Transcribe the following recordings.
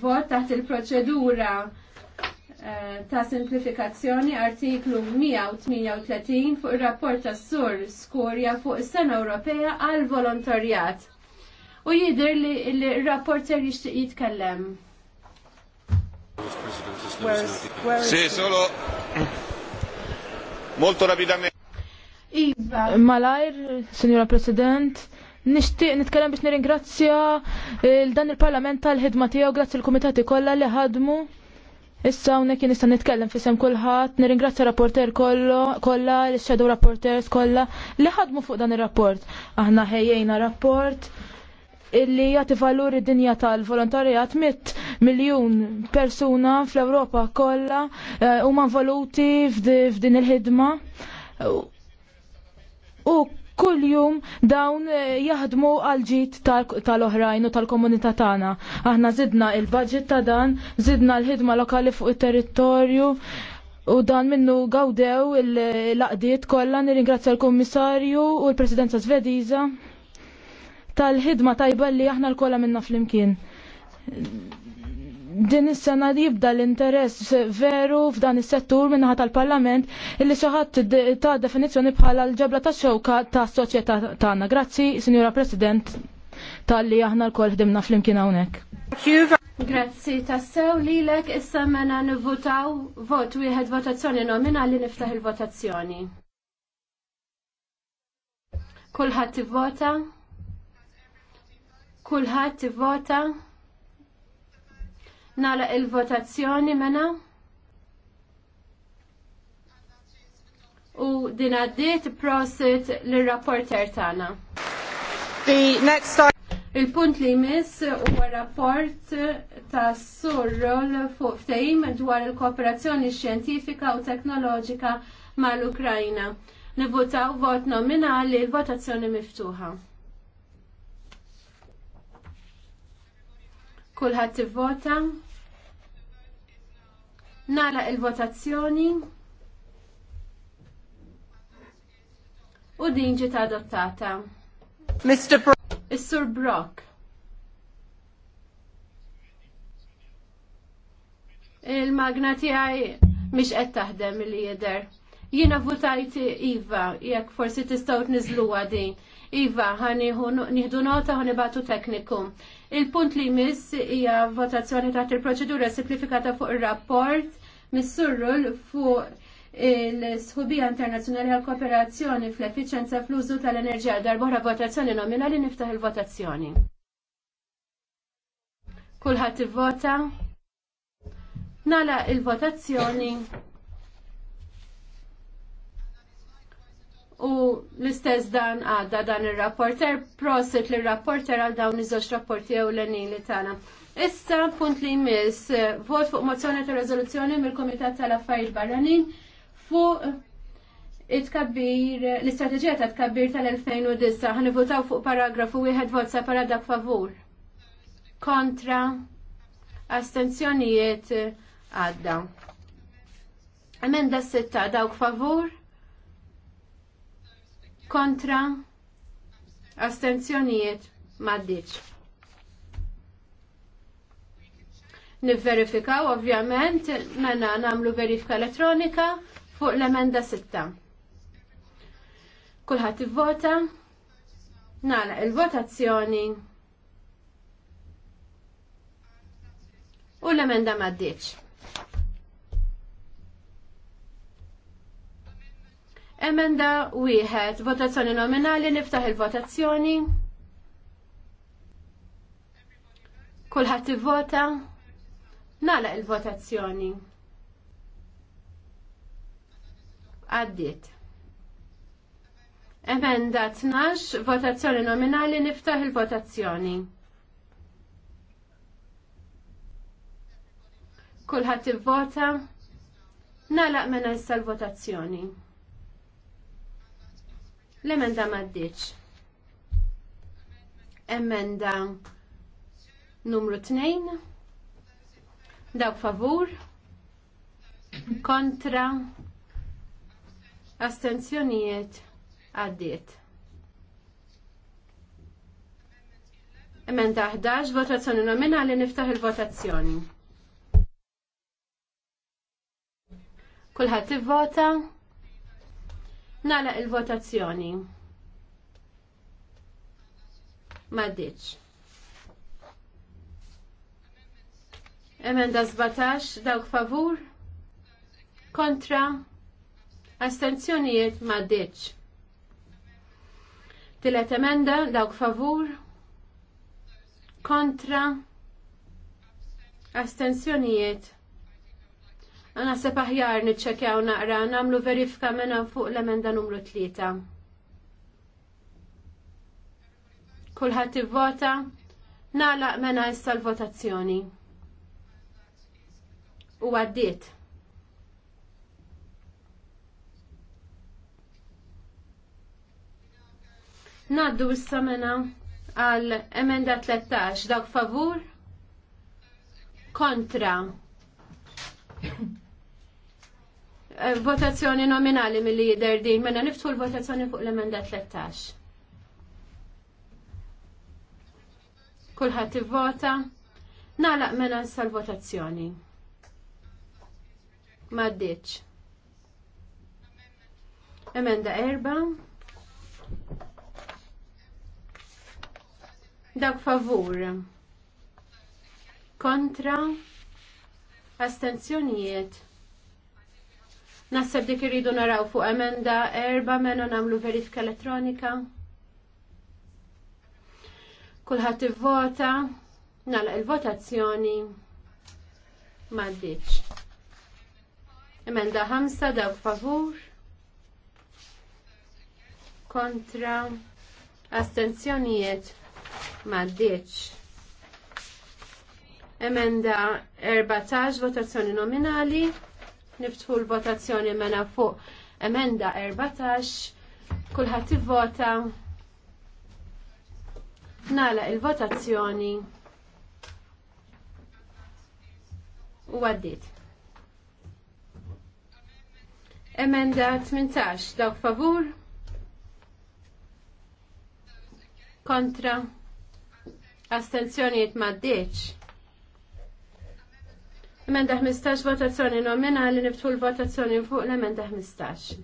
vot taħt il-proċedura eh, ta' simplifikazzjoni artiklu 138 fuq ir-rapport tas sur Skorja fuq is-Sena Ewropea għal volontarjat. U jidher li l-rapport ser jixtieq jitkellem. Sì, solo molto rapidamente. Iva. Malajr, signora President, Nixtieq nitkellem biex nirringrazzja eh, dan il-Parlament tal-ħidma tiegħu grazzi l-kumitati kollha li ħadmu. Issa hawnhekk nista' nitkellem fisem kulħadd, nirringrazzja rapporter kollu kollha, l-shadow rapporters kollha li ħadmu fuq dan ir-rapport. Aħna ħejjejna rapport illi jagħti valur id-dinja tal-volontarjat mit miljun persuna fl-Ewropa kollha eh, huma involuti f'din il-ħidma. U Kull jum dawn eh, jaħdmu għal-ġit tal-oħrajn u tal-komunità tagħna. Aħna zidna il-budget ta' dan, zidna l-ħidma lokali fuq it-territorju, U dan minnu gawdew il-laqdiet kollha nirringrazzja l-Kummissarju u l-Presidenza Svediża tal-ħidma tajba li aħna l-kolla minna fl-imkien din is-sena li jibda l-interess veru f'dan is-settur minnaħat tal-Parlament illi xi ħadd ta' definizzjoni bħala l-ġebla ta' xewka ta' soċjetà tagħna. Grazzi, Sinjura President, tal-li aħna l-kol ħdimna flimkien hawnhekk. Grazzi, tassew lilek issa mena nivvutaw vot wieħed votazzjoni nominali niftaħ il-votazzjoni. Kulħadd ivvota? Kulħadd ivvota? Nala il-votazzjoni mena. U din għaddiet prosit l-rapporter tagħna. Il-punt li jmiss huwa rapport ta' surrol fuq ftehim dwar il-kooperazzjoni xjentifika u teknoloġika mal-Ukrajna. Nivvotaw vot nominali l-votazzjoni miftuħa. Kulħadd ivvota. Nara il-votazzjoni. U din ġiet adottata. Mr. Bro Is-Sur Brock. Il-magna tiegħi mhix qed taħdem il-lieder. Jiena votajt Iva, jekk forsi tistgħu tniżluha din. Iva, nieħdu nota ħan batu tekniku. Il-punt li miss hija votazzjoni taħt il-proċedura simplifikata fuq ir-rapport missurrul fuq il-sħubija internazzjonali għal kooperazzjoni fl-efficienza fl-użu tal-enerġija darbora votazzjoni nominali niftaħ il-votazzjoni. Kulħadd ivvota. Nala il-votazzjoni. L-istess dan għadda dan il-rapporter, prosit li rapporter għal dawn iż-żewġ rapporti jew l-enili tagħna. Issa punt li jmiss vot fuq mozzjoni ta' rezoluzzjoni mill-Kumitat tal-Affarijiet Barranin fuq it-kabbir, l-istrateġija ta' tkabbir tal-2009 votaw fuq paragrafu wieħed vot separat dak favur. Kontra astenzjonijiet għadda. Emenda sitta dawk favur kontra astenzjonijiet maddiċ. Nivverifikaw ovvjament mena namlu verifika elettronika fuq l-emenda 6. Kulħadd ivvota nagħlaq il-votazzjoni u l-emenda maddiċ. Emenda wieħed, votazzjoni nominali, niftaħ il-votazzjoni. Kulħadd ivvota. Nagħlaq il-votazzjoni. Għaddiet. Emenda 12, votazzjoni nominali, niftaħ il-votazzjoni. Kulħadd ivvota. Nagħlaq minn issa l-votazzjoni. L-emenda maddiċ. Emenda numru 2. Dawk favur. Kontra. Astenzjonijiet għaddiet. Emenda 11, votazzjoni nominali, niftaħ il-votazzjoni. Kulħadd ivvota. vota Nala il-votazzjoni. Maddiċ. Emenda 17, dawk favur. Kontra. Astenzjonijiet maddiċ. Tilet emenda, dawk favur. Kontra. Astenzjonijiet Naħseb aħjar niċċekjaw naqra nagħmlu verifika minna fuq l-emenda numru 3. Kulħadd ivvota nagħlaq mena issa l-votazzjoni. U għaddiet. Naddu issa mena għal emenda 13 dak favur kontra votazzjoni nominali mill-li jider din, mena niftu l-votazzjoni fuq l-emenda 13. Kulħat vota nalaq mena nsa l-votazzjoni. Maddiċ. Emenda erba. Dak favur. Kontra. Astenzjonijiet. Naħseb dik irridu naraw fuq emenda erba mena nagħmlu verifika elettronika. Kulħadd ivvota, nagħlaq il-votazzjoni m'għaddiċ. Emenda ħamsa dawk favur. Kontra astenzjonijiet m'għaddiċ. Emenda 14 votazzjoni nominali niftħu l-votazzjoni mena fuq emenda 14 kulħadd ivvota nala il-votazzjoni u għaddit. Emenda 18 dawk favur kontra astenzjoniet deċ. Emenda 15 votazzjoni nominali niftu l-votazzjoni fuq l-emenda 15.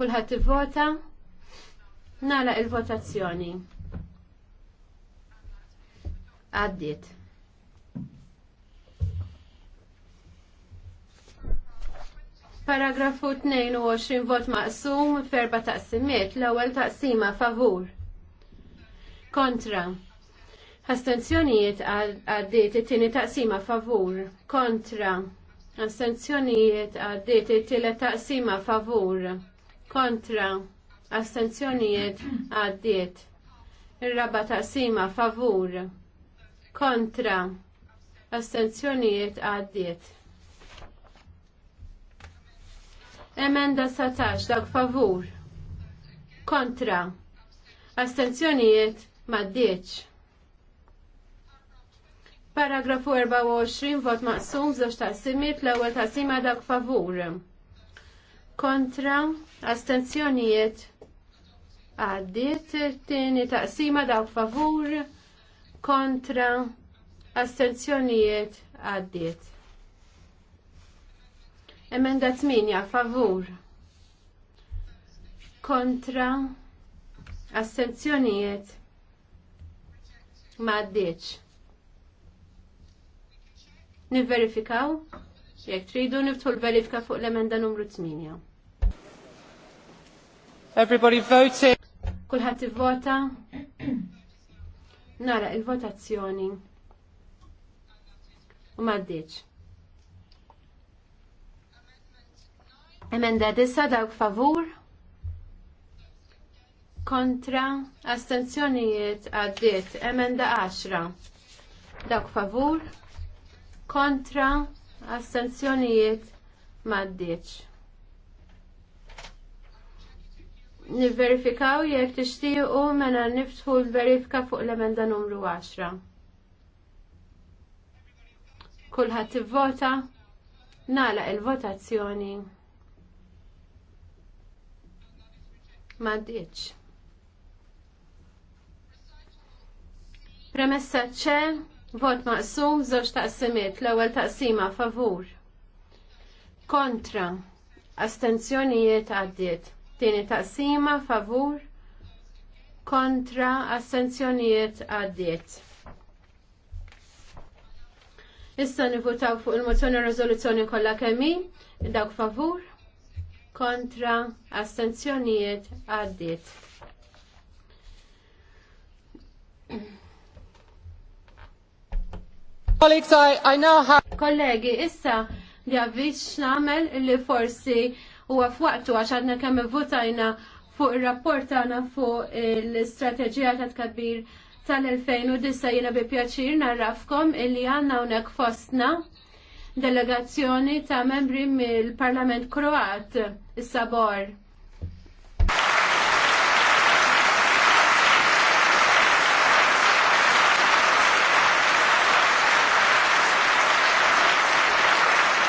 Kulħadd ivvota. Nala il-votazzjoni. Għaddiet. Paragrafu 22 vot maqsum ferba taqsimiet l-ewwel taqsima favur. Kontra. Astenzjonijiet għaddiet it-tieni taqsima favur kontra. Astenzjonijiet għaddiet it-tielet taqsima favur kontra. Astenzjonijiet għaddiet. Ir-raba taqsima favur kontra. Astenzjonijiet għaddiet. Emenda satax dak favur kontra. Astenzjonijiet maddieċ. Paragrafu 24, vot maqsum, zoċ simit, l ta' taqsima dak favur. Kontra, astenzjonijiet, għaddit, tini taqsima dak favur, kontra, astenzjonijiet, għaddit. Emenda 8, favur. Kontra, astenzjonijiet, maddiċ. Nivverifikaw? Jekk tridu niftu l-verifika fuq l-emenda numru 8. Everybody voted. Kulħadd ivvota. Nara il-votazzjoni. U m'għaddiċ. Emenda disa dawk favur. Kontra. Astenzjonijiet għaddiet. Emenda 10. Dawk favur kontra astenzjonijiet maddiċ. Niverifikaw jekk tixtiequ mela niftħu l-verifika fuq l-emenda numru 10. Kulħadd vota nagħlaq il-votazzjoni. Maddiċ. Premessa ċe Vot maqsum, żewġ taqsimiet, l-ewwel taqsima favur. Kontra. Astenzjonijiet għaddiet. Tieni taqsima favur. Kontra. Astenzjonijiet għaddiet. Issa nivutaw fuq il-mozzjoni rezoluzzjoni kollha kemm dawk favur, kontra, astenzjonijiet għaddiet. Kollegi, issa li għavix namel li forsi u għafwaqtu għax għadna kemm votajna fuq il-rapport għana fuq l-strategija ta' tkabbir tal dissa jena bi pjaċir narrafkom illi għanna unek fostna delegazzjoni ta' membri mill-Parlament Kroat, is-Sabor.